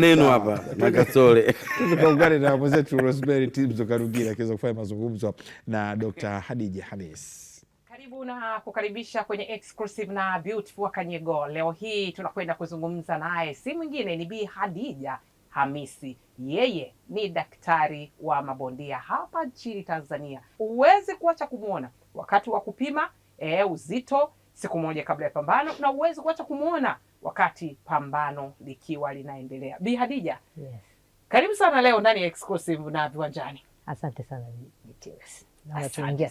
neno hapa na Kasole tukaungane na mwenzetu Rosemary Timzo Karugira akiweza kufanya mazungumzo na Dr. Hadija Hamis. Karibu na kukaribisha kwenye exclusive na beautiful Kanyego. Leo hii tunakwenda kuzungumza naye, si mwingine ni Bi Hadija Hamisi. Yeye ni daktari wa mabondia hapa nchini Tanzania. Huwezi kuacha kumwona wakati wa kupima e, uzito siku moja kabla ya pambano, na huwezi kuacha kumwona wakati pambano likiwa linaendelea. Bi Hadija, yes. Karibu sana leo ndani ya exclusive na Viwanjani. Asante sana BTS.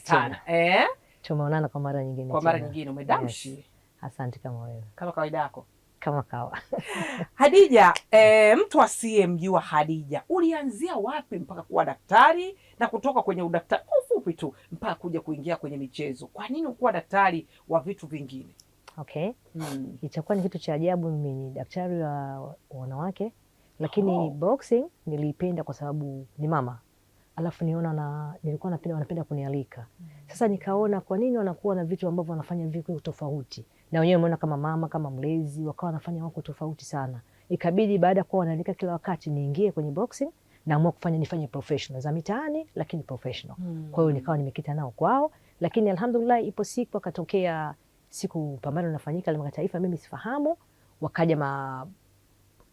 sana. Eh? Tumeonana kwa mara nyingine. Kwa mara nyingine umedamshi. Yes. Asante kama wewe. Kama kawaida yako. Kama kawa. Hadija, e, mtu asiyemjua Hadija, ulianzia wapi mpaka kuwa daktari na kutoka kwenye udaktari ufupi tu mpaka kuja kuingia kwenye michezo? Kwa nini ukuwa daktari wa vitu vingine? Okay. Mm. Itakuwa ni kitu cha ajabu. Mimi ni daktari wa wanawake lakini oh, boxing niliipenda kwa sababu ni mama, alafu niona na nilikuwa napenda, wanapenda kunialika mm. Sasa nikaona kwa nini wanakuwa na vitu ambavyo wanafanya vitu tofauti na wenyewe, umeona kama mama kama mlezi, wakawa wanafanya wako tofauti sana. Ikabidi baada ya kuwa wanaalika kila wakati niingie kwenye boxing naamua kufanya nifanye professional za mitaani, lakini professional mm. Kwa hiyo nikawa nimekita nao kwao, lakini alhamdulillah, ipo siku akatokea siku pambano linafanyika la kimataifa, mimi sifahamu. Wakaja ma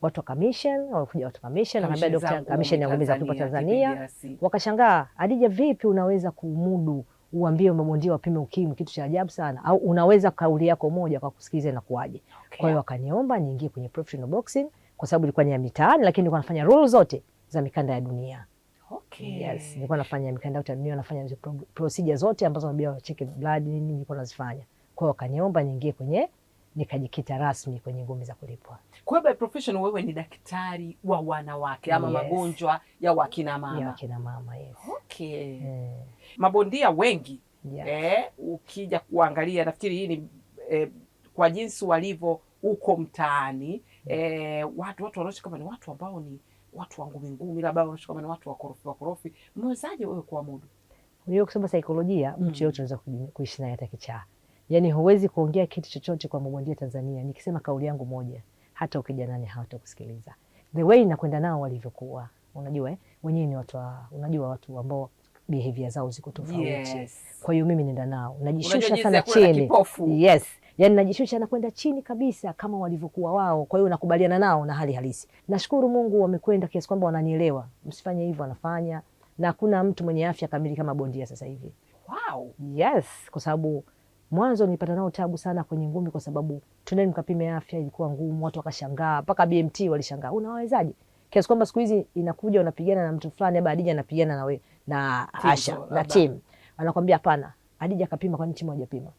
watu wa commission, walikuja watu wa commission, akaambia daktari commission ya ngumi za kutoka Tanzania, wakashangaa, Adija, vipi unaweza kumudu uambie mabondia wapime ukimwi? Kitu cha ajabu sana, au unaweza kauli yako moja kwa kusikiliza na kuaje? Okay. Kwa hiyo wakaniomba niingie kwenye professional boxing kwa sababu ilikuwa ni ya mitaani, lakini nilikuwa nafanya rules zote za mikanda ya dunia. Okay. Yes, nilikuwa nafanya mikanda yote ya dunia, nafanya procedure zote ambazo mabia wa check blood nini nilikuwa nazifanya kwao, wakaniomba niingie kwenye, nikajikita rasmi kwenye ngumi za kulipwa. Kwa hiyo by profession wewe ni daktari wa wanawake ama yes, magonjwa ya wakina mama. Ya wakina mama, yes. Okay. Mm. Mabondia wengi yeah, eh, ukija kuangalia nafikiri hii ni eh, kwa jinsi walivyo huko mtaani mm. eh, watu watu wanaoishi kama ni watu ambao ni watu wa ngumi ngumi, labda wanaoishi kama ni watu wa korofi wa korofi. Mmewezaje wewe kwa mudu? hiyo? Kusema saikolojia, mtu mm. yote anaweza kuishi naye hata kichaa yani huwezi kuongea kitu chochote kwa mabondia Tanzania. Nikisema kauli yangu moja, hata ukija nani hawatakusikiliza the way nakwenda nao walivyokuwa, unajua eh? Wenyewe ni watu wa, unajua watu ambao behavior zao ziko tofauti yes. Kwa hiyo mimi nenda nao, najishusha sana chini yes, yani najishusha na kwenda chini kabisa kama walivyokuwa wao. Kwa hiyo nakubaliana nao na hali halisi. Nashukuru Mungu wamekwenda kiasi kwamba wananielewa, msifanye hivyo, anafanya na hakuna mtu mwenye afya kamili kama bondia sasa hivi. Wow. Yes, kwa sababu Mwanzo nilipata nao tabu sana kwenye ngumi, kwa sababu tunaeni mkapime afya ilikuwa ngumu, watu wakashangaa, mpaka BMT walishangaa, unawezaje? Kiasi kwamba siku hizi inakuja unapigana na mtu fulani, labda Adija anapigana na we na team, Asha so, na timu anakwambia hapana, Adija kapima, kwani timu hajapima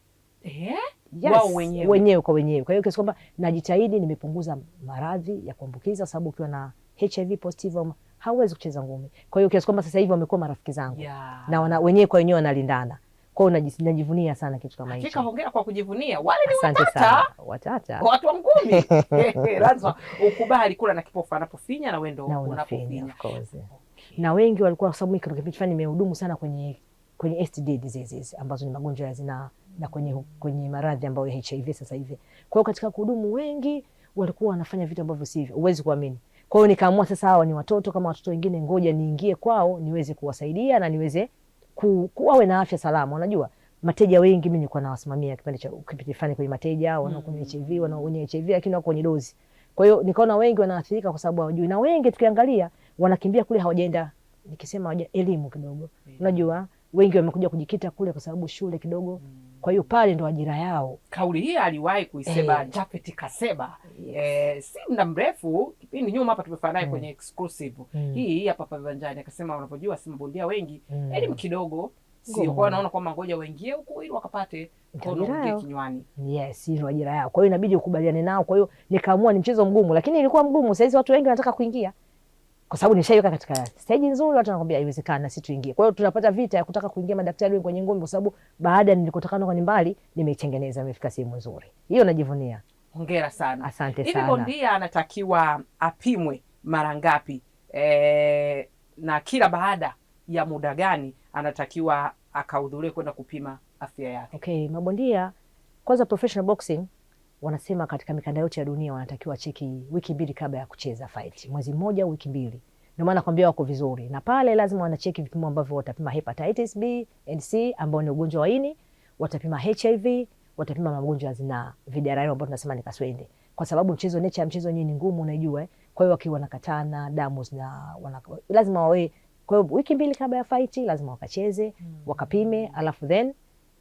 eh? Yes, wao wenyewe wenyewe kwa wenyewe. Kwa hiyo kiasi kwamba najitahidi, nimepunguza maradhi ya kuambukiza, sababu ukiwa na HIV positive hauwezi kucheza ngumi. Kwa hiyo kiasi kwamba sasa hivi wamekuwa marafiki zangu yeah. na wana, wenyewe kwa wenyewe wanalindana kwao najivunia sana kitu kama hicho. Hongera kwa kujivunia. Wale ni watata. Watata. kwa Watu wa ngumi. Lazima ukubali kula na kipofu anapofinya na wewe ndio unapofinya. Of course. Na wengi walikuwa kwa sababu mimi kipindi fulani nimehudumu sana kwenye kwenye STD diseases ambazo ni magonjwa ya zinaa na kwenye kwenye maradhi ambayo ya HIV sasa hivi. Kwa hiyo katika kuhudumu wengi walikuwa wanafanya vitu ambavyo si hivyo, Huwezi kuamini. Kwa hiyo nikaamua sasa hawa ni watoto kama watoto wengine, ngoja niingie kwao niweze kuwasaidia na niweze ku, ku, wawe na afya salama. Unajua mateja wengi mi nikuwa nawasimamia kipindi cha kipindi fulani kwenye mateja wanaokunywa mm. HIV wanaokunywa HIV lakini wako kwenye dozi. Kwa hiyo nikaona wengi wanaathirika kwa sababu hawajui, na wengi tukiangalia wanakimbia kule, hawajaenda nikisema waja elimu kidogo mm. Unajua wengi wamekuja kujikita kule kwa sababu shule kidogo mm. Kwa hiyo pale ndo ajira yao. Kauli hii aliwahi kuisema hey, eh. Japhet Kaseba yes. Eh, si muda mrefu kipindi nyuma hapa tumefanya naye mm. kwenye exclusive mm. hii hapa hapa Viwanjani akasema, unavyojua si mabondia wengi mm. elimu kidogo sio kwa naona kwamba ngoja waingie huko ili wakapate kono kinywani. Yes, hilo ajira yao. Kwa hiyo inabidi ukubaliane nao. Kwa hiyo nikaamua ni mchezo mgumu, lakini ilikuwa mgumu. Sasa watu wengi wanataka kuingia kwa sababu nishaiweka katika stage nzuri, watu wanakwambia haiwezekana, si tuingie. Kwa hiyo tunapata vita ya kutaka kuingia madaktari wengi kwenye ngumi, kwa sababu baada ya nilikotakana kwa mbali, nimeitengeneza imefika sehemu nzuri, hiyo najivunia. Hongera sana, asante sana. Hivi bondia anatakiwa apimwe mara ngapi? E, na kila baada ya muda gani anatakiwa akahudhurie kwenda kupima afya yake? Okay, mabondia kwanza professional boxing wanasema katika mikanda yote ya dunia wanatakiwa cheki wiki mbili kabla ya kucheza fight, mwezi mmoja, wiki mbili. Ndio maana nakwambia wako vizuri, na pale lazima wanacheki vipimo ambavyo watapima hepatitis B and C ambao ni ugonjwa wa ini, watapima HIV, watapima magonjwa ya zinaa, VDRL ambao tunasema ni kaswende, kwa sababu mchezo, nature ya mchezo wenyewe ni ngumu, unaijua eh? Kwa hiyo wakiwa wanakatana damu na wana, lazima wawe, kwa hiyo wiki mbili kabla ya fight lazima wakacheze, hmm. wakapime, alafu then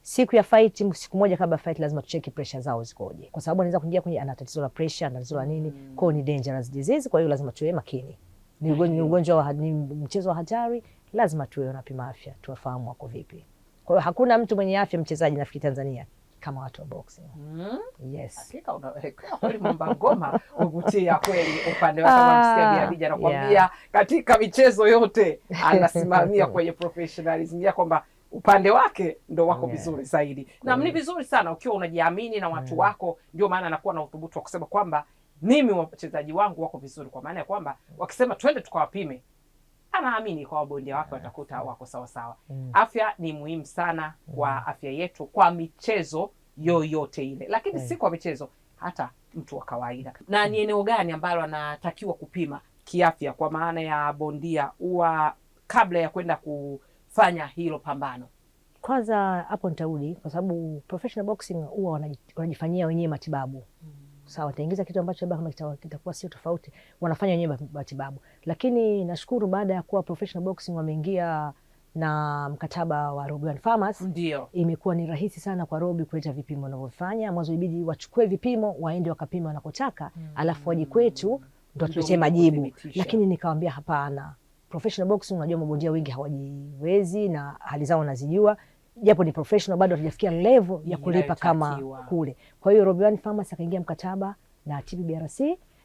siku ya fight, siku moja kabla fight lazima tucheki pressure zao zikoje, kwa sababu anaweza kuingia kwenye ana tatizo la pressure, ana tatizo la nini mm. kwao ni dangerous disease, kwa hiyo lazima tuwe makini. Ni ugonjwa, ni mchezo wa hatari, lazima tuwe wanapima afya, tuwafahamu wako vipi. Kwa hiyo hakuna mtu mwenye afya mchezaji nafikiri Tanzania kama watu wa boxing. Mm. Yes. Hakika Kweli mwamba ngoma uvutia kweli upande wa kama ah, msikia nakwambia, yeah. katika michezo yote anasimamia kwenye professionalism ya kwamba upande wake ndo wako vizuri yeah. zaidi na ni vizuri sana ukiwa unajiamini na watu yeah. wako, ndio maana anakuwa na uthubutu wa kusema kwamba mimi wachezaji wangu wako vizuri, kwa maana ya kwamba wakisema twende tukawapime, anaamini kwa wabondia wake watakuta wako sawa sawa. Mm. Afya ni muhimu sana kwa mm. afya yetu, kwa michezo yoyote ile, lakini mm. si kwa michezo, hata mtu wa kawaida. Na ni eneo gani ambalo anatakiwa kupima kiafya, kwa maana ya bondia huwa kabla ya kwenda ku fanya hilo pambano? Kwanza hapo nitarudi kwa sababu professional boxing huwa wanajifanyia wenyewe matibabu mm. Sawa, wataingiza kitu ambacho labda kama kitakuwa sio tofauti, wanafanya wenyewe matibabu. Lakini nashukuru baada ya kuwa professional boxing wameingia na mkataba wa Robi Robian Farmers, ndio imekuwa ni rahisi sana kwa Robi kuleta vipimo wanavyofanya. Mwanzo ibidi wachukue vipimo waende wakapima wanakotaka, mm. alafu waje kwetu ndo tuletee majibu, lakini nikawambia hapana professional boxing, unajua mabondia wengi hawajiwezi na hali zao nazijua, japo ni professional bado hatujafikia level ya kulipa kama kule. Kwa hiyo Robian Pharmacy akaingia mkataba na TPBRC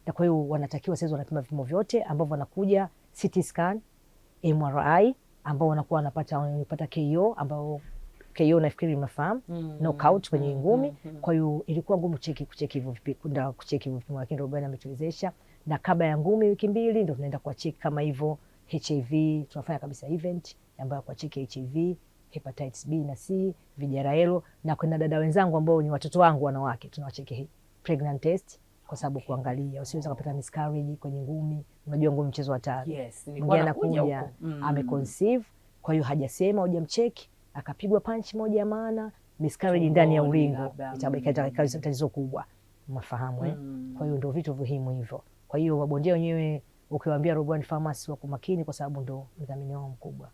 na kwa hiyo wanatakiwa sasa wanapima vipimo vyote ambavyo wanakuja CT scan, MRI ambao wanakuwa wanapata wanapata KO ambao KO nafikiri mnafahamu mm, knockout kwenye mm, ngumi mm, mm. Kwa hiyo ilikuwa ngumu cheki kucheki hivyo vipi kunda kucheki hivyo vipimo, lakini Robian ametuwezesha, na kabla ya ngumi wiki mbili ndio tunaenda kwa cheki kama hivyo HIV tunafanya kabisa event ambayo kwa cheki HIV, hepatitis B na C, vijaraelo na kuna dada wenzangu ambao ni watoto wangu wanawake, tunawacheki pregnant test kwa sababu okay. kuangalia usiweza mm. kupata miscarriage kwenye ngumi. Unajua ngumi mchezo wa tatu yes, mwingine anakuja mm. ameconceive, kwa hiyo hajasema hujamcheki, akapigwa punch moja maana miscarriage ndani ya ulingo mm. itabaki tatizo kubwa, mafahamu eh? Mm. Kwa hiyo ndio vitu muhimu hivyo. Kwa hiyo wabondia wenyewe ukiwaambia Robi Pharmacy wako makini, kwa sababu ndo mdhamini wao mkubwa.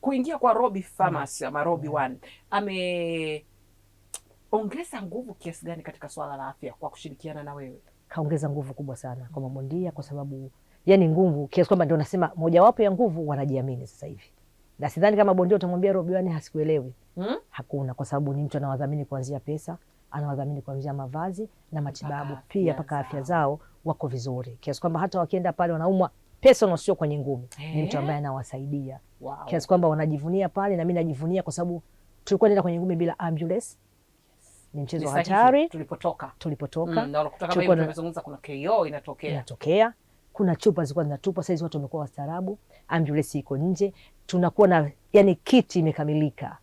Kuingia kwa Robi mm. Pharmacy ama Robi One ameongeza nguvu kiasi gani katika swala la afya kwa kushirikiana na wewe? Kaongeza nguvu kubwa sana kwa mabondia, kwa sababu yani nguvu kiasi kwamba ndio nasema mojawapo ya nguvu, wanajiamini sasa hivi na sidhani kama bondia utamwambia Robi One hasikuelewi hmm? Hakuna, kwa sababu ni mtu anawadhamini kuanzia pesa, anawadhamini kuanzia mavazi na matibabu pia mpaka afya zao wako vizuri kiasi kwamba hata wakienda pale wanaumwa personal, sio kwenye ngumi, ni mtu eh? ambaye anawasaidia wow. kiasi kwamba wanajivunia pale, na mimi najivunia kwa sababu tulikuwa naenda kwenye ngumi bila ambulance ni mchezo hatari. Tulipotoka tulipotoka Mm, na tumezungumza, kuna KO inatokea inatokea, kuna chupa zilikuwa zinatupwa. Saizi watu wamekuwa wastaarabu, ambulance iko nje, tunakuwa na yani kiti imekamilika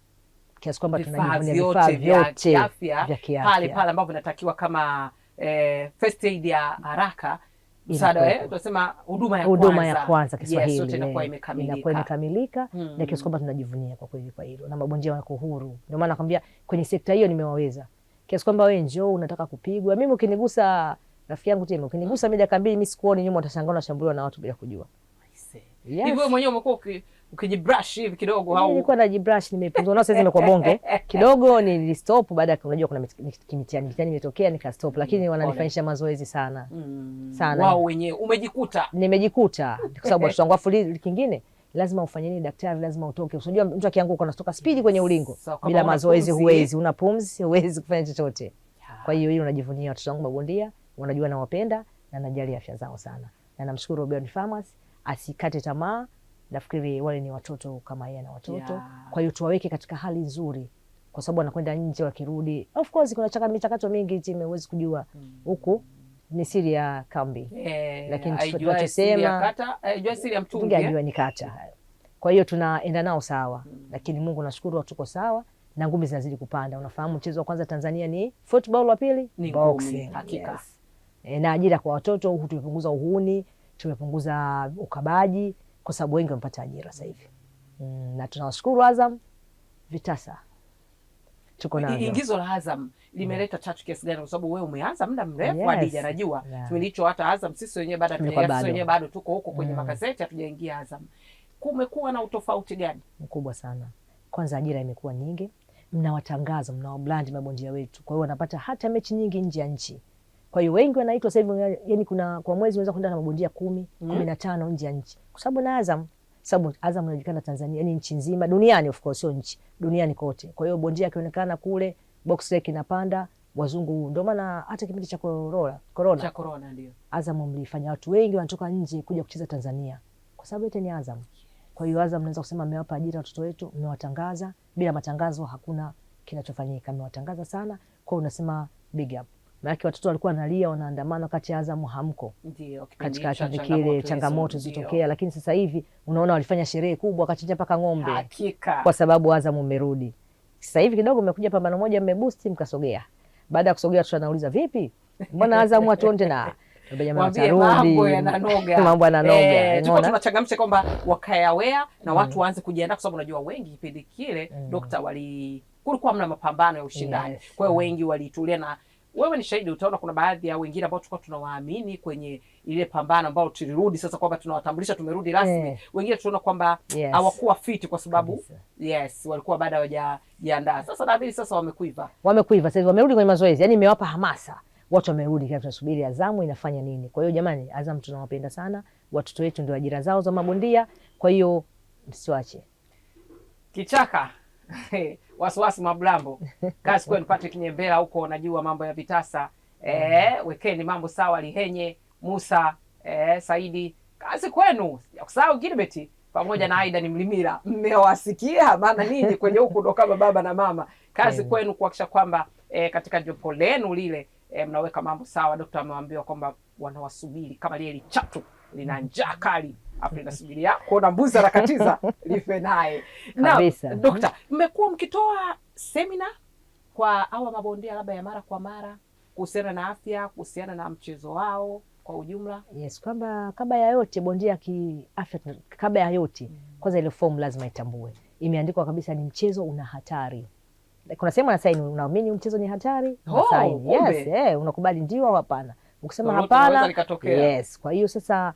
kiasi kwamba tunajivunia vifaa vyote vya kiafya pale pale ambapo vinatakiwa kama eh, first aid ya haraka msaada tunasema huduma ya huduma kwanza, ya kwanza Kiswahili yes, inakuwa imekamilika hmm. Na kiasi kwamba tunajivunia kwa kweli kwa hilo, na mabondia wako huru. Ndio maana nakwambia kwenye sekta hiyo nimewaweza kiasi kwamba wewe njoo unataka kupigwa, mimi ukinigusa rafiki yangu tena ukinigusa mimi dakika mbili mimi sikuoni nyuma, utashangaa unashambuliwa na watu bila kujua. Yes. Hivyo mwenyewe umekuwa ukijibrush hivi kidogo au nilikuwa najibrush, nimepungua nao sasa, zimekuwa bonge kidogo, nilistop baada ya unajua, kuna mitihani mitiani imetokea nika stop, lakini mm, wananifanyisha mazoezi sana mm. sana. Wao wenyewe umejikuta, nimejikuta kwa sababu watoto wangu, afu kingine lazima ufanye nini, daktari, lazima utoke. Unajua mtu akianguka unatoka spidi kwenye ulingo bila mazoezi, huwezi, una pumzi, huwezi kufanya chochote. Kwa hiyo hiyo unajivunia watoto wangu mabondia, wanajua nawapenda na najali afya zao sana, na namshukuru Beyond Pharmacy, asikate tamaa nafikiri wale ni watoto kama yeye na watoto yeah. Kwa hiyo tuwaweke katika hali nzuri, kwa sababu wanakwenda nje, wakirudi of course kuna michakato mingi timu huwezi kujua hmm. huku Ni siri ya kambi yeah, lakini tunachosema eh? ajua ni kata. Kwa hiyo tunaenda nao sawa mm. Lakini Mungu nashukuru tuko sawa na ngumi zinazidi kupanda. Unafahamu mchezo wa kwanza Tanzania ni football, wa pili ni boxing. Hakika yes. E, na ajira kwa watoto huku tumepunguza uhuni, tumepunguza ukabaji kwa sababu wengi wamepata ajira sasa hivi mm, na tunawashukuru Azam Vitasa tuko na ingizo la Azam limeleta mm. chachu kiasi gani? Kwa sababu wewe umeanza muda mrefu yes. Adija yeah. tumelicho hata Azam sisi wenyewe bado sisi wenyewe bado tuko huko kwenye mm. makaseti hatujaingia Azam. Kumekuwa na utofauti gani mkubwa sana? Kwanza ajira imekuwa nyingi, mnawatangaza mnawablandi mabondia wetu, kwa hiyo wanapata hata mechi nyingi nje ya nchi kwa hiyo wengi wanaitwa sasa hivi, yani kuna kwa mwezi unaweza kwenda na mabondia kumi mm. kumi na tano nje ya nchi, kwa sababu na Azam, sababu Azam inajulikana Tanzania, yani nchi nzima duniani, of course sio nchi, duniani kote. Kwa hiyo bondia akionekana kule, box rec inapanda wazungu ndio maana hata kipindi cha corona corona cha corona ndio Azam mlifanya watu wengi wanatoka nje kuja kucheza Tanzania kwa sababu yote ni Azam. Kwa hiyo Azam naweza kusema mmewapa ajira watoto wetu, mmewatangaza. Bila matangazo hakuna kinachofanyika, mmewatangaza sana. Kwa hiyo unasema big up. Maanake watoto walikuwa nalia, wanaandamana wakati ya Azamu hamko katika kipindi kile, changamoto zilitokea. Lakini sasa hivi unaona walifanya sherehe kubwa, wakachinja mpaka ng'ombe Hakika. kwa sababu Azamu umerudi. Sasa hivi kidogo mmekuja pambano moja, mmebusti mkasogea. Baada ya kusogea, watoto wanauliza vipi, mbona Azamu hatuoni na mambo yananoga eh, tunachangamsha kwamba wakayawea na mm. watu waanze kujiandaa, kwa sababu unajua wengi kipindi kile mm. dokta wali kulikuwa mna mapambano ya ushindani kwa hiyo wengi walitulia na wewe ni shahidi, utaona kuna baadhi ya wengine ambao tulikuwa tunawaamini kwenye ile pambano ambao tulirudi sasa kwamba tunawatambulisha, tumerudi rasmi yeah. Wengine tunaona kwamba hawakuwa yes. fiti kwa sababu Kabisa. yes walikuwa bado hawajajiandaa. Sasa nadhani sasa wamekuiva, wamekuiva sasa wamerudi kwenye mazoezi, yani imewapa hamasa watu wamerudi, tunasubiri Azamu inafanya nini. Kwa hiyo jamani, Azamu tunawapenda sana, watoto wetu ndio ajira zao za mabondia, kwa hiyo msiwache kichaka Wasiwasi Mwablambo, kazi kwenu. Patrick Nyembela huko najua mambo ya vitasa e, wekeni mambo sawa. Lihenye Musa eh, Saidi, kazi kwenu. kusahau Gilbert pamoja na Aida ni Mlimira, mmewasikia maana nini kwenye huku ndo kama baba na mama. Kazi eh. kwenu kuhakikisha kwamba e, katika jopo lenu lile e, mnaweka mambo sawa. Dokta amewaambiwa kwamba wanawasubiri kama lile lichatu lina njaa kali hapo inasubiria kuona mbuzi anakatiza life naye. Na dokta, mmekuwa mkitoa semina kwa hawa mabondia labda ya mara kwa mara kuhusiana na afya, kuhusiana na mchezo wao kwa ujumla? Yes, kwamba kabla ya yote bondia kiafya, kabla ya yote mm. Kwanza ile fomu lazima itambue, imeandikwa kabisa ni mchezo una hatari kuna sehemu na saini unaamini mchezo ni hatari oh, saini. Yes, eh, unakubali ndio au hapana? Ukisema hapana, yes. Kwa hiyo sasa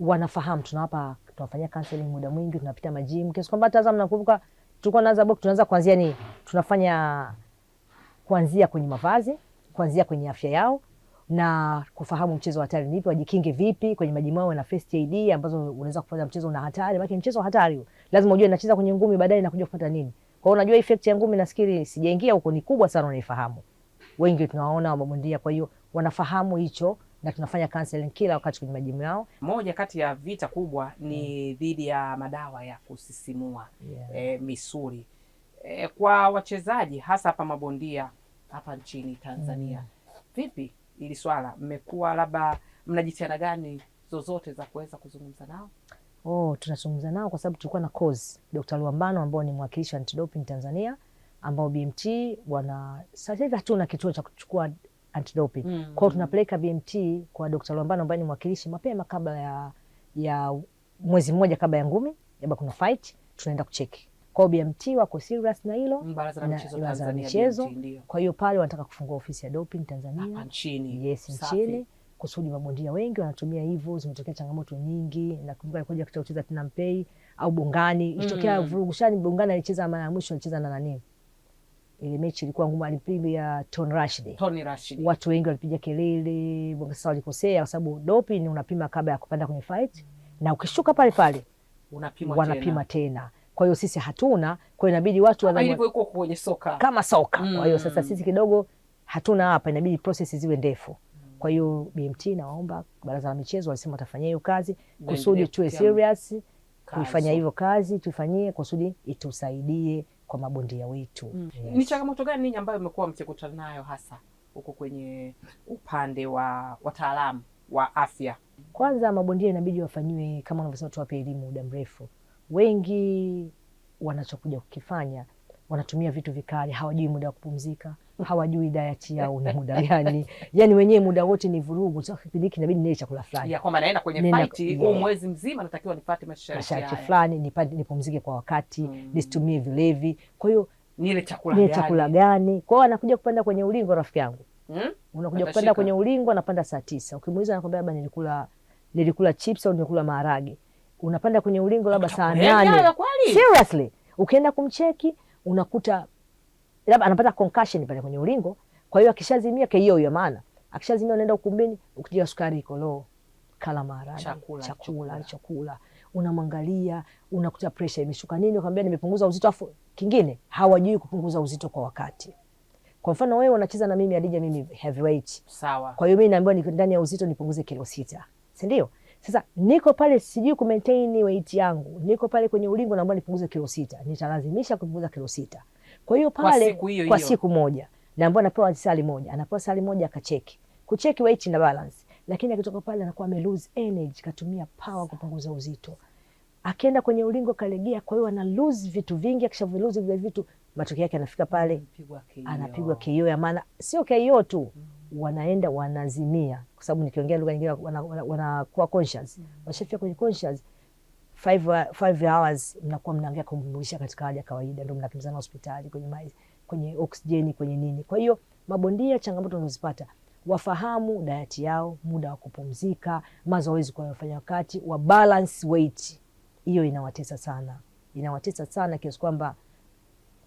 wanafahamu tunawapa, tunafanyia counseling muda mwingi, tunapita majimu kiasi kwamba hata Azam nakumbuka tulikuwa naanza book, tunaanza kuanzia ni tunafanya kuanzia kwenye mavazi, kuanzia kwenye afya yao na kufahamu mchezo wa hatari nipi, wajikinge vipi kwenye majimu yao na first aid ambazo unaweza kufanya mchezo una hatari, maana mchezo hatari lazima ujue nacheza kwenye ngumi, baadaye nakuja kupata nini. Kwa hiyo unajua effect ya ngumi, nafikiri sijaingia huko, ni kubwa sana, unaifahamu. Wengi tunawaona wamabondia, kwa hiyo wanafahamu hicho na tunafanya counseling kila wakati kwenye majimu yao. Moja kati ya vita kubwa ni mm. dhidi ya madawa ya kusisimua yeah. e, misuli e, kwa wachezaji hasa hapa mabondia hapa nchini Tanzania mm. vipi ili swala mmekuwa labda mna jitihada gani zozote za kuweza kuzungumza nao? Oh, tunazungumza nao kwa sababu tulikuwa na cause Dr. Luambano ambao ni mwakilishi anti-doping Tanzania ambao BMT wana sasa hivi hatuna kituo cha kuchukua antidoping. Mm. Kwa hiyo tunapeleka BMT kwa Dr. Lwambano ambaye ni mwakilishi mapema kabla ya, ya mwezi mmoja kabla ya ngumi, labda kuna fight tunaenda kucheki. Kwa hiyo BMT wako serious na hilo baraza la michezo. Kwa hiyo pale wanataka kufungua ofisi ya doping Tanzania Hapa nchini, yes, nchini kusudi mabondia wengi wanatumia hivyo. Zimetokea changamoto nyingi, na kumbuka alikuja kucheza tena Mpei au Bongani, ilitokea mm. vurugushani. Bongani alicheza mara ya mwisho alicheza na nani ile eh, mechi ilikuwa ngumu, alipiga ya Tony Rashid. Tony Rashid, watu wengi walipiga kelele, Bongasa walikosea kwa sababu dopi ni unapima kabla ya kupanda kwenye fight na ukishuka pale pale unapima wanapima tena, tena. Kwa hiyo sisi hatuna, kwa hiyo inabidi watu kwenye soka kama soka mm. Kwa hiyo sasa mm. sisi kidogo hatuna hapa, inabidi process ziwe ndefu. Kwa hiyo BMT nawaomba, baraza la michezo walisema watafanyia hiyo kazi kusudi tuwe serious kuifanya hivyo kazi tuifanyie kusudi itusaidie kwa mabondia wetu mm. Yes. Ni changamoto gani ninyi ambayo mmekuwa mkikutana nayo hasa huko kwenye upande wa wataalamu wa afya? Kwanza mabondia inabidi wafanyiwe kama unavyosema, tuwape elimu muda mrefu. Wengi wanachokuja kukifanya wanatumia vitu vikali, hawajui muda wa kupumzika, hawajui diet yao ni muda gani, yani wenyewe muda wote ni vurugu. Sasa kipindi hiki inabidi nile chakula fulani ya kwamba naenda kwenye nena, fight huu mwezi mzima, natakiwa nipate masharti fulani, nipate nipumzike kwa wakati mm. nisitumie vilevi, kwa hiyo nile chakula gani, chakula gani. kwao anakuja kupanda kwenye ulingo rafiki yangu mm? unakuja kupanda shika. kwenye ulingo, anapanda saa tisa. Ukimuuliza anakwambia baba nilikula nilikula chips au nilikula maharage. Unapanda kwenye ulingo labda saa nane. Seriously, ukienda kumcheki unakuta labda anapata concussion pale kwenye ulingo. Kwa hiyo akishazimia hiyo hiyo maana akishazimia unaenda ukumbini, ukija sukari iko low, kala maharage, chakula chakula, chakula. Unamwangalia, unakuta pressure imeshuka nini, ukamwambia nimepunguza uzito, afu kingine hawajui kupunguza uzito kwa wakati. Kwa mfano wewe unacheza na mimi Adija, mimi heavyweight. Sawa. Kwa hiyo mimi naambiwa niko ndani ya uzito nipunguze kilo sita, si ndio? Sasa niko pale sijui ku maintain weight yangu, niko pale kwenye ulingo naambiwa nipunguze kilo sita, nitalazimisha kupunguza kilo sita. Kwa hiyo pale kwa siku, kwa siku moja na ambapo anapewa sali moja, anapewa sali moja akacheki. Kucheki weight na balance. Lakini akitoka pale anakuwa ame lose energy, katumia power kupunguza uzito. Akienda kwenye ulingo kalegea, kwa hiyo ana lose vitu vingi, akishaviluzi vile vitu, matokeo yake anafika pale anapigwa KO ya maana, sio KO tu mm. wanaenda wanazimia, kwa sababu nikiongea lugha nyingine wanakuwa wana, wana conscious mm. washafika kwenye conscious five, five hours mnakuwa mnaangia kumrudisha katika hali ya kawaida, ndio mnakimbizana hospitali kwenye maji, kwenye oksijeni, kwenye nini. Kwa hiyo mabondia, changamoto unazozipata wafahamu dayati yao, muda wa kupumzika, mazoezi kwa wafanya wakati wa balance weight. Hiyo inawatesa sana, inawatesa sana kiasi kwamba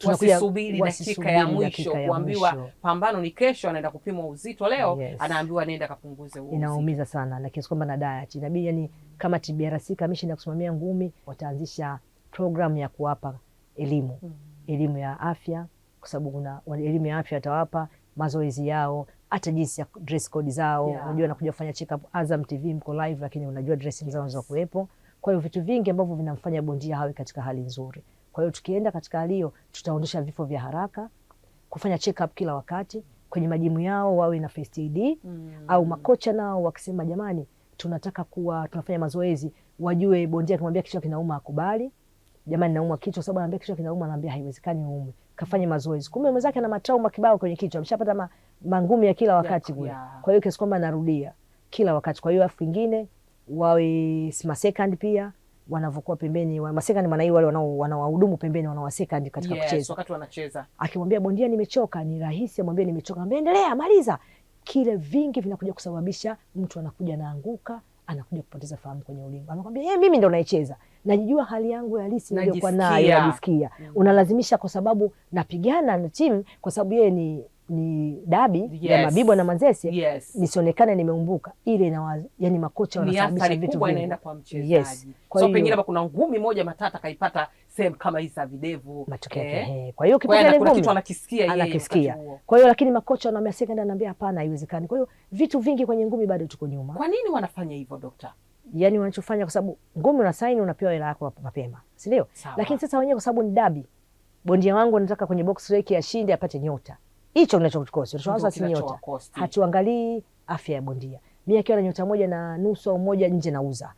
wasisubiri dakika ya mwisho kuambiwa pambano ni kesho, anaenda kupimwa uzito leo. Yes, anaambiwa nenda kapunguze huo. Inaumiza sana na kiasi kwamba na diet inabidi yani kama TBRC kamishina kusimamia ngumi wataanzisha programu ya kuwapa elimu mm -hmm. elimu ya afya, kwa sababu kuna elimu ya afya watawapa mazoezi yao, hata jinsi ya dress code zao yeah. Unajua nakuja kufanya check up Azam TV mko live, lakini unajua dressing zao za kuwepo. Kwa hiyo vitu vingi ambavyo vinamfanya bondia hawe katika hali nzuri. Kwa hiyo tukienda katika hali hiyo, tutaondosha vifo vya haraka, kufanya check up kila wakati kwenye majimu yao, wawe na first aid mm -hmm. au makocha nao wakisema jamani tunataka kuwa tunafanya mazoezi, wajue bondia akimwambia kichwa kinauma akubali. Jamani, nauma kichwa, sababu anaambia kichwa kinauma, anaambia haiwezekani uume, kafanye mazoezi. Kumbe mwenzake ana matrauma kibao kwenye kichwa, ameshapata ma, mangumi ya kila wakati kule, kwa hiyo kiasi kwamba anarudia kila wakati. Kwa hiyo afu kingine wawe second pia wanavyokuwa pembeni wa masekani maana hiyo wale wanaowahudumu pembeni wanawasekani katika yes, kucheza wakati wanacheza, akimwambia bondia nimechoka, ni rahisi amwambie nimechoka, ambia endelea maliza kile vingi vinakuja kusababisha mtu anakuja naanguka, anakuja kupoteza fahamu kwenye ulingo. Anakwambia yeye, eh, mimi ndo naecheza, najijua hali yangu halisi niliyokuwa nayo, najisikia. Mm. Unalazimisha kwa sababu napigana na timu, kwa sababu yeye ni ni dabi yes. ya Mabibwa na Manzese yes. nisionekane nimeumbuka ile na ina yani, makocha wanasababisha vitu vingi, inaenda kwa mchezaji yes. kwa so hiyo pengine kuna ngumi moja matata kaipata sehemu kama hizi za videvu matokeo yake eh. kwa hiyo kipiga ile ngumi kuna kitu anakisikia yeye anakisikia, kwa hiyo lakini makocha wanamwambia sekenda, ananiambia hapana, haiwezekani. Kwa hiyo vitu vingi kwenye ngumi bado tuko nyuma. Kwa nini wanafanya hivyo dokta? Yani wanachofanya kwa sababu ngumi una saini unapewa hela yako mapema, si ndio? Lakini sasa wenyewe kwa sababu ni dabi, bondia wangu anataka kwenye box reki ashinde apate nyota hicho kinachokikosi nyota, hatuangalii afya ya bondia. Mimi akiwa na nyota moja na nusu au moja nje nauza,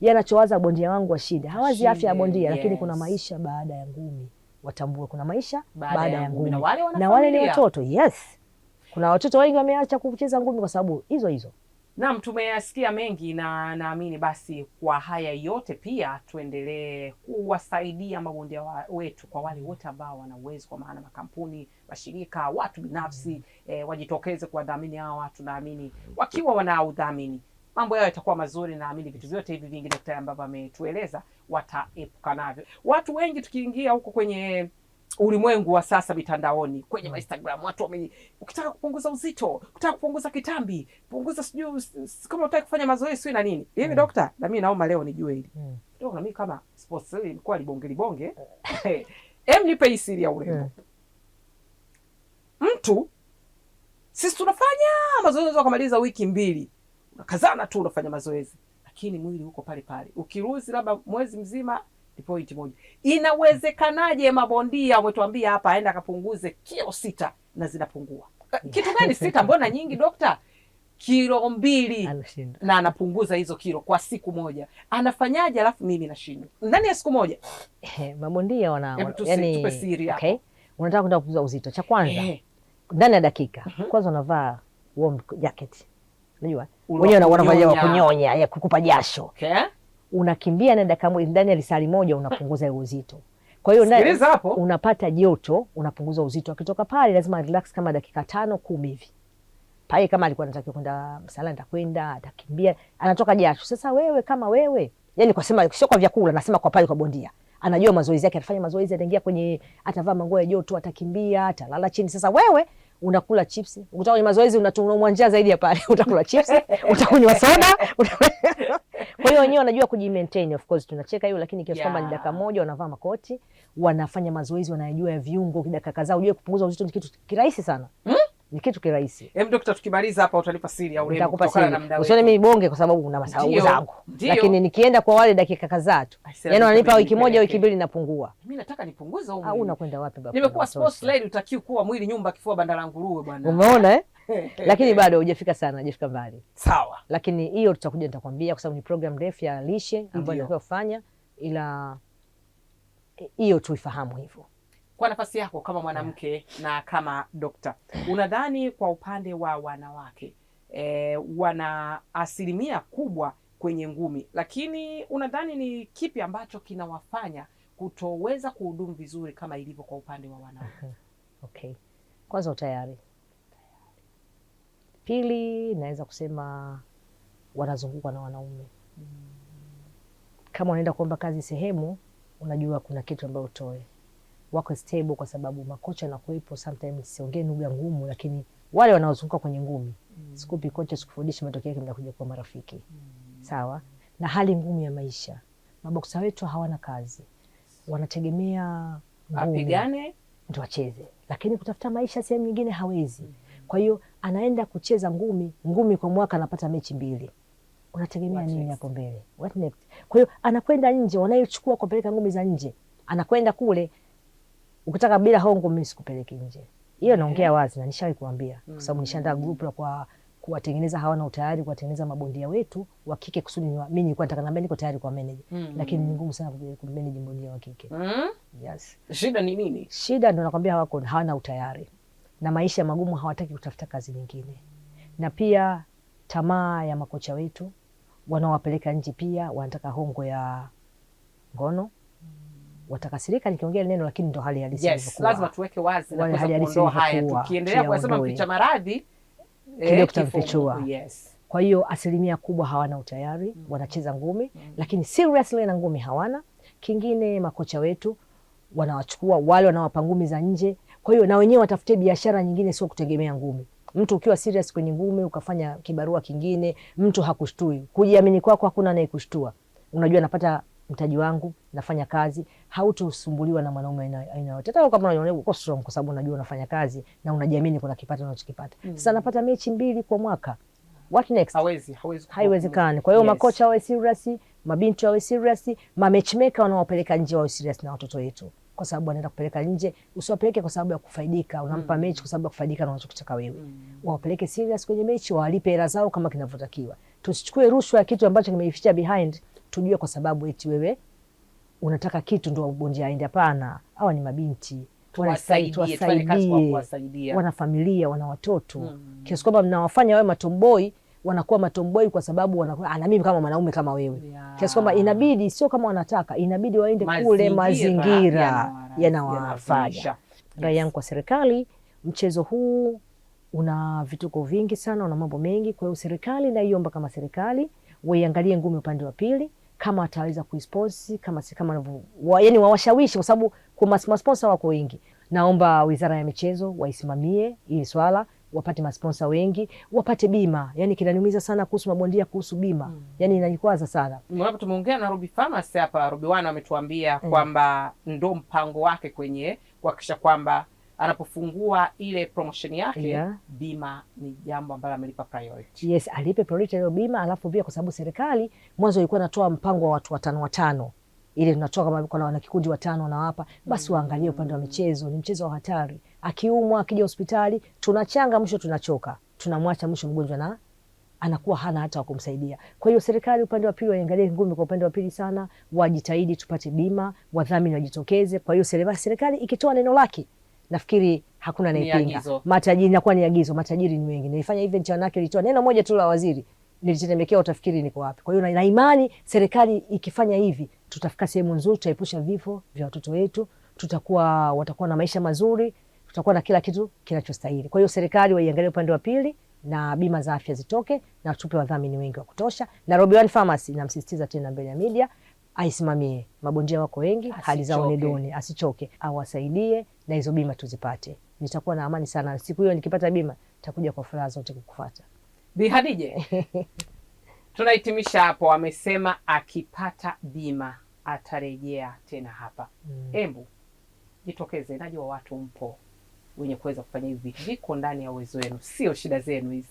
ye anachowaza bondia wangu wa hawazi afya ya bondia yes. Lakini kuna maisha baada ya ngumi, watambue kuna maisha baada, ya ngumi na wale, na wale ni watoto yes. Kuna watoto wengi wameacha kucheza ngumi kwa sababu hizo hizo. Naam, tumeyasikia mengi na naamini basi kwa haya yote pia tuendelee kuwasaidia magondia wetu kwa wale wote ambao wana uwezo, kwa maana makampuni, mashirika, watu binafsi mm. eh, wajitokeze kuwadhamini hawa watu. Naamini wakiwa wanaudhamini mambo yao yatakuwa mazuri. Naamini vitu vyote hivi vingi daktari ambavyo ametueleza wataepuka navyo. Watu wengi tukiingia huko kwenye ulimwengu wa sasa mitandaoni, kwenye mm. Instagram watu wame, ukitaka kupunguza uzito, ukitaka kupunguza kitambi, punguza sijui, kama unataka kufanya mazoezi sio na nini hivi. Mm. Dokta, na mimi naomba leo nijue hili mm. Ndio na mimi kama sports leo ilikuwa libonge libonge, em, nipe siri ya urembo mm. Mtu sisi tunafanya mazoezi kumaliza wiki mbili, unakazana tu unafanya mazoezi, lakini mwili uko pale pale, ukiruhusi labda mwezi mzima ni point moja. Inawezekanaje mabondia wametuambia hapa aenda akapunguze kilo sita na zinapungua eh, kitu gani? Sita mbona nyingi dokta? Kilo mbili na anapunguza hizo kilo kwa siku moja, anafanyaje? Alafu mimi nashindwa ndani ya siku moja. Mabondia wana yani, okay. Unataka kwenda kupunguza uzito, cha kwanza eh. ndani ya dakika uh mhm. -huh. Kwanza unavaa warm jacket, unajua wenyewe wanavalia kunyonya ya kukupa jasho okay unakimbia na dakika moja, ndani ya lisali moja unapunguza uzito. Kwa hiyo ndani unapata joto, unapunguza uzito. Akitoka pale lazima relax kama dakika tano kumi hivi pale, kama alikuwa anataka kwenda msala, atakwenda atakimbia, anatoka jasho. Sasa wewe kama wewe, yani kwa sema sio kwa vyakula, nasema kwa pale kwa bondia anajua mazoezi yake, atafanya mazoezi, ataingia kwenye, atavaa manguo ya joto, atakimbia, atalala chini. Sasa wewe unakula chips. Ukitaka kwenye mazoezi njia zaidi ya pale, utakula chips, utakunywa soda. Kwa hiyo wenyewe wanajua maintain, Of course tunacheka hiyo, lakini kiasi kwamba yeah. ni dakika moja wanavaa makoti, wanafanya mazoezi, wanajua ya viungo, dakika kadhaa. Ujue kupunguza uzito ni kitu kirahisi sana hmm? ni kitu kirahisi. Em, dokta, tukimaliza hapa utanipa siri au urembo kutokana na mda. Usione mimi bonge kwa sababu una masahau zangu. Lakini nikienda kwa wale dakika kadhaa tu. Yaani wananipa wiki moja, wiki mbili napungua. Mimi nataka nipunguze au mimi. Au Unakwenda wapi baba? Nimekuwa sports lady, utakiu kuwa mwili nyumba kifua bandala nguruwe bwana. Umeona eh? Lakini bado hujafika sana, hujafika mbali. Sawa. Lakini hiyo tutakuja nitakwambia kwa sababu ni program ndefu ya lishe ambayo nitakuwa kufanya ila hiyo tuifahamu hivyo. Kwa nafasi yako kama mwanamke yeah, na kama dokta, unadhani kwa upande wa wanawake e, wana asilimia kubwa kwenye ngumi, lakini unadhani ni kipi ambacho kinawafanya kutoweza kuhudumu vizuri kama ilivyo kwa upande wa wanawake? Okay, kwanza utayari. Pili, naweza kusema wanazungukwa na wanaume. Mm. Kama unaenda kuomba kazi sehemu, unajua kuna kitu ambayo utoe wako stable, kwa sababu makocha anakuwepo. Sometimes siongee lugha ngumu, lakini wale wanaozunguka kwenye ngumi mm. sikupi kocha, sikufundishi, matokeo yake mnakuja kuwa marafiki mm. sawa na hali ngumu ya maisha. Maboksa wetu hawana kazi, wanategemea apigane ndo acheze, lakini kutafuta maisha sehemu nyingine hawezi. mm. Kwa hiyo anaenda kucheza ngumi, ngumi kwa mwaka anapata mechi mbili, unategemea nini hapo mbele? What next? Kwa hiyo anakwenda nje, wanayochukua kupeleka ngumi za nje, anakwenda kule ukitaka bila hongo mimi sikupeleki nje. Hiyo okay. naongea wazi na nishawahi kuambia kwa mm. sababu nishaanda group la kwa kuwatengeneza hawana utayari kuwatengeneza mabondia wetu wa kike kusudi mimi nilikuwa nataka nambia niko tayari kwa manage mm Lakini ni ngumu sana kummanage bondia wa kike mm Yes. Shida ni nini? Shida ndo nakwambia hawako hawana utayari na maisha magumu, hawataki kutafuta kazi nyingine, na pia tamaa ya makocha wetu wanaowapeleka nje, pia wanataka hongo ya ngono Mm watakasirika nikiongea neno, lakini ndo hali halisi yes, lazima tuweke wazi na kuondoa haya. Tukiendelea kusema picha maradhi eh, kutafichua yes. Kwa hiyo asilimia kubwa hawana utayari mm. Wanacheza ngumi mm. Lakini seriously na ngumi hawana. Kingine makocha wetu wanawachukua wale wanawapa ngumi za nje, kwa hiyo na wenyewe watafute biashara nyingine, sio kutegemea ngumi. Mtu ukiwa serious kwenye ngumi ukafanya kibarua kingine, mtu hakushtui. Kujiamini kwako hakuna anayekushtua. Unajua napata mtaji wangu, nafanya kazi, hautosumbuliwa na mwanaume aina yote, hata kama unaona uko strong, kwa sababu unajua unafanya kazi na unajiamini kuna kipato unachokipata. Mm. Sasa napata mechi mbili kwa mwaka, what next? Hawezi, hawezi, haiwezekani. Kwa hiyo yes, makocha wawe serious, mabinti wawe serious, ma matchmaker wanaowapeleka nje wawe serious na watoto wetu, kwa sababu anaenda kupeleka nje. Usiwapeleke kwa sababu ya kufaidika, unampa mm, mechi kwa sababu ya kufaidika na unachokitaka wewe. Mm. Wawapeleke serious kwenye mechi, wawalipe hela zao kama kinavyotakiwa. Tusichukue rushwa ya kitu ambacho kimejificha behind tujue kwa sababu eti wewe unataka kitu ndo bondia aende. Hapana, hawa ni mabinti tuwasaidie, wana familia, wana watoto mm. kiasi kwamba mnawafanya wawe matomboi, wanakuwa matomboi kwa sababu wanakuwa ana mimi kama mwanaume kama wewe yeah. kiasi kwamba inabidi, sio kama wanataka, inabidi waende kule mazingira yanawafanya. Rai yangu kwa serikali, mchezo huu una vituko vingi sana, una mambo mengi. Kwa hiyo serikali naiomba kama serikali waiangalie ngumi upande wa pili kama wataweza kuisponsi kama si kama wa, yani wawashawishi kwa sababu kuna masponsa wako wengi. Naomba Wizara ya Michezo waisimamie hili swala, wapate masponsa wengi, wapate bima. Yani kinaniumiza sana kuhusu mabondia, kuhusu bima mm. Yani inanikwaza sana. mwapo tumeongea na Ruby Pharmacy hapa, Ruby wana ametuambia mm. kwamba ndo mpango wake kwenye kuhakikisha kwamba anapofungua ile promotion yake yeah. Bima ni jambo ambalo amelipa priority. Yes, alipe priority hiyo bima, alafu pia kwa sababu serikali mwanzo ilikuwa inatoa mpango wa watu watano watano ile tunatoa kama kuna wana kikundi watano wanawapa, basi mm. waangalie upande wa michezo. Ni mchezo wa hatari, akiumwa akija hospitali tunachanga, mwisho tunachoka, tunamwacha mwisho mgonjwa na anakuwa hana hata wa kumsaidia. Kwa hiyo serikali upande wa pili waiangalie ngumi kwa upande wa pili sana, wajitahidi tupate bima, wadhamini wajitokeze. Kwa hiyo serikali ikitoa neno lake nafikiri hakuna anayepinga. Matajiri nakuwa ni agizo, matajiri ni wengi. Nilifanya event ya wanawake, ilitoa neno moja tu la waziri, nilitetemekea, utafikiri niko wapi. Kwa hiyo na imani serikali ikifanya hivi, tutafika sehemu nzuri, tutaepusha vifo vya watoto wetu, tutakuwa watakuwa na maisha mazuri, tutakuwa na kila kitu kinachostahili. Kwa hiyo serikali waiangalie upande wa pili na bima za afya zitoke na tupe wadhamini wengi wa kutosha, na Robi One Pharmacy, namsisitiza tena mbele ya media aisimamie. Mabondia wako wengi, hali zao ni duni, asichoke, awasaidie na hizo bima tuzipate. Nitakuwa na amani sana siku hiyo. Nikipata bima takuja kwa furaha zote kukufata Bi Hadije, tunahitimisha hapo. Amesema akipata bima atarejea tena hapa. Mm. Embu jitokeze, najua watu mpo wenye kuweza kufanya hivi viko ndani ya uwezo wenu, sio shida zenu hizi.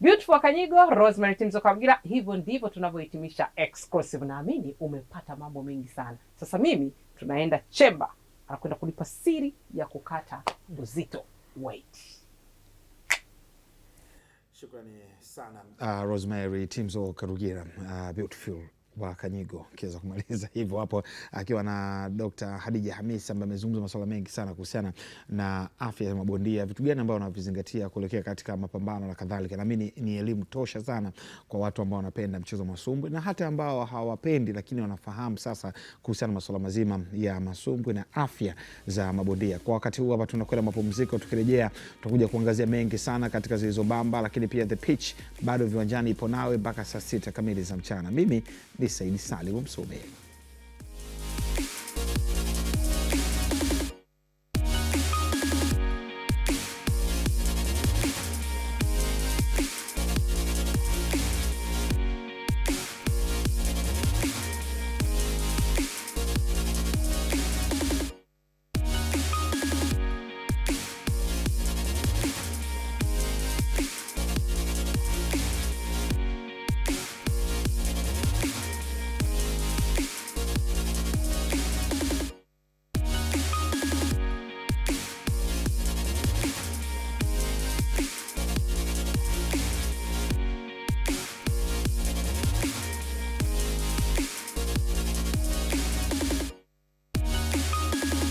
Beautiful Wakanyigo, Rosemary Timzokabgira, hivyo ndivyo tunavyohitimisha exclusive. Naamini umepata mambo mengi sana. Sasa mimi tunaenda chemba, anakwenda kulipa siri ya kukata uzito weight. Shukrani sana uh, Rosemary Timzo Karugira, uh, beautiful wa Kanyigo kiweza kumaliza hivyo hapo akiwa na Dr. Hadija Hamis ambaye amezungumza masuala mengi sana kuhusiana na afya ya mabondia, vitu gani ambao wanavizingatia kuelekea katika mapambano na kadhalika. Naamini ni elimu tosha sana kwa watu ambao wanapenda mchezo wa masumbwi na hata ambao hawapendi, lakini wanafahamu sasa kuhusiana na masuala mazima ya masumbwi na afya za mabondia. Kwa wakati huu hapa tunakwenda mapumziko, tukirejea tutakuja kuangazia mengi sana katika Zilizobamba, lakini pia the pitch bado viwanjani ipo nawe mpaka saa sita kamili za mchana. Mimi ni Ele sai di sale come